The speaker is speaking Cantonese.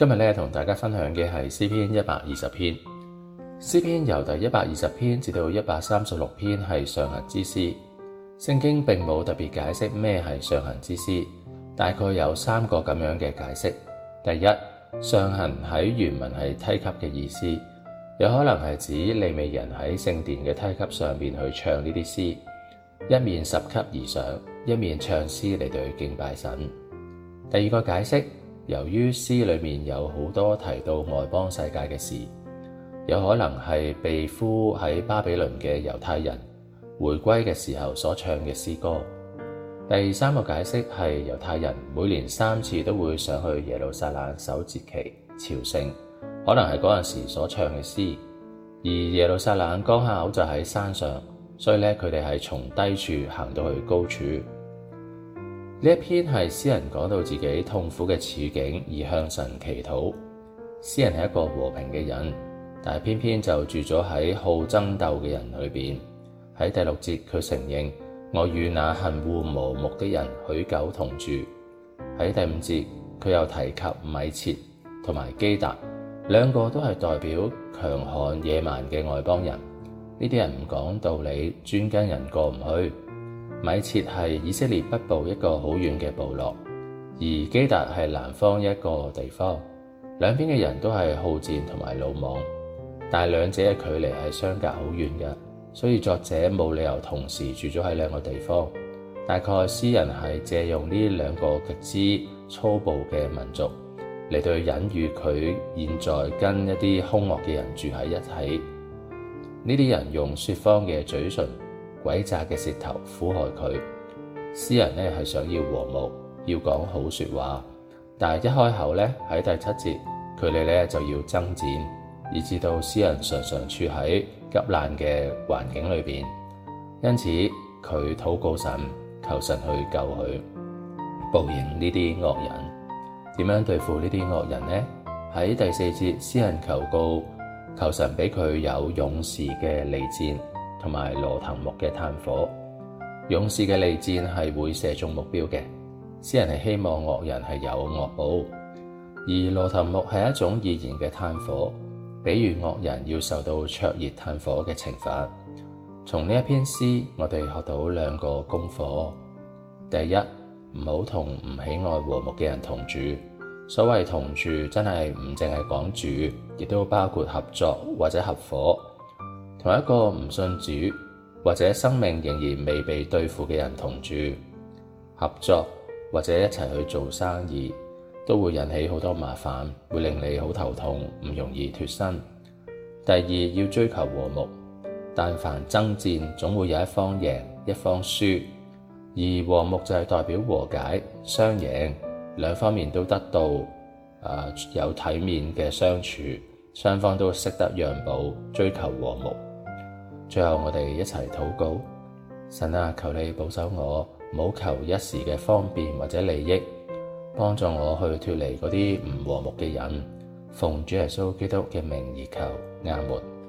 今日咧，同大家分享嘅係詩篇一百二十篇。詩篇由第一百二十篇至到一百三十六篇係上行之詩。聖經並冇特別解釋咩係上行之詩，大概有三個咁樣嘅解釋。第一，上行喺原文係梯級嘅意思，有可能係指利未人喺聖殿嘅梯級上面去唱呢啲詩，一面拾級而上，一面唱詩嚟，對敬拜神。第二個解釋。由於詩裏面有好多提到外邦世界嘅事，有可能係被俘喺巴比倫嘅猶太人回歸嘅時候所唱嘅詩歌。第三個解釋係猶太人每年三次都會上去耶路撒冷守節期朝聖，可能係嗰陣時所唱嘅詩。而耶路撒冷剛巧就喺山上，所以咧佢哋係從低處行到去高處。呢一篇係詩人講到自己痛苦嘅處境而向神祈禱。詩人係一個和平嘅人，但係偏偏就住咗喺好爭鬥嘅人裏邊。喺第六節佢承認我與那恨惡和睦的人許久同住。喺第五節佢又提及米設同埋基達，兩個都係代表強悍野蠻嘅外邦人。呢啲人唔講道理，專跟人過唔去。米設係以色列北部一個好遠嘅部落，而基達係南方一個地方，兩邊嘅人都係好戰同埋魯莽，但係兩者嘅距離係相隔好遠嘅，所以作者冇理由同時住咗喺兩個地方。大概詩人係借用呢兩個極之粗暴嘅民族嚟對隱喻佢現在跟一啲凶惡嘅人住喺一起，呢啲人用説謊嘅嘴唇。詭詐嘅舌頭苦害佢，詩人咧，係想要和睦，要講好說話，但係一開口咧，喺第七節佢哋咧，就要爭戰，以至到詩人常常處喺急難嘅環境裏邊，因此佢禱告神，求神去救佢，報應呢啲惡人。點樣對付呢啲惡人呢？喺第四節，詩人求告，求神俾佢有勇士嘅利箭。同埋羅藤木嘅炭火，勇士嘅利箭係會射中目標嘅。詩人係希望惡人係有惡報，而羅藤木係一種易燃嘅炭火，比如惡人要受到灼熱炭火嘅懲罰。從呢一篇詩，我哋學到兩個功課：第一，唔好同唔喜愛和睦嘅人同住。所謂同住，真係唔淨係講住，亦都包括合作或者合夥。同一個唔信主或者生命仍然未被對付嘅人同住、合作或者一齊去做生意，都會引起好多麻煩，會令你好頭痛，唔容易脫身。第二，要追求和睦，但凡爭戰總會有一方贏，一方輸，而和睦就係代表和解、雙贏，兩方面都得到，啊，有體面嘅相處，雙方都識得讓步，追求和睦。最後，我哋一齊禱告：神啊，求你保守我，別求一時嘅方便或者利益，幫助我去脫離嗰啲唔和睦嘅人，奉主耶穌基督嘅名而求，阿門。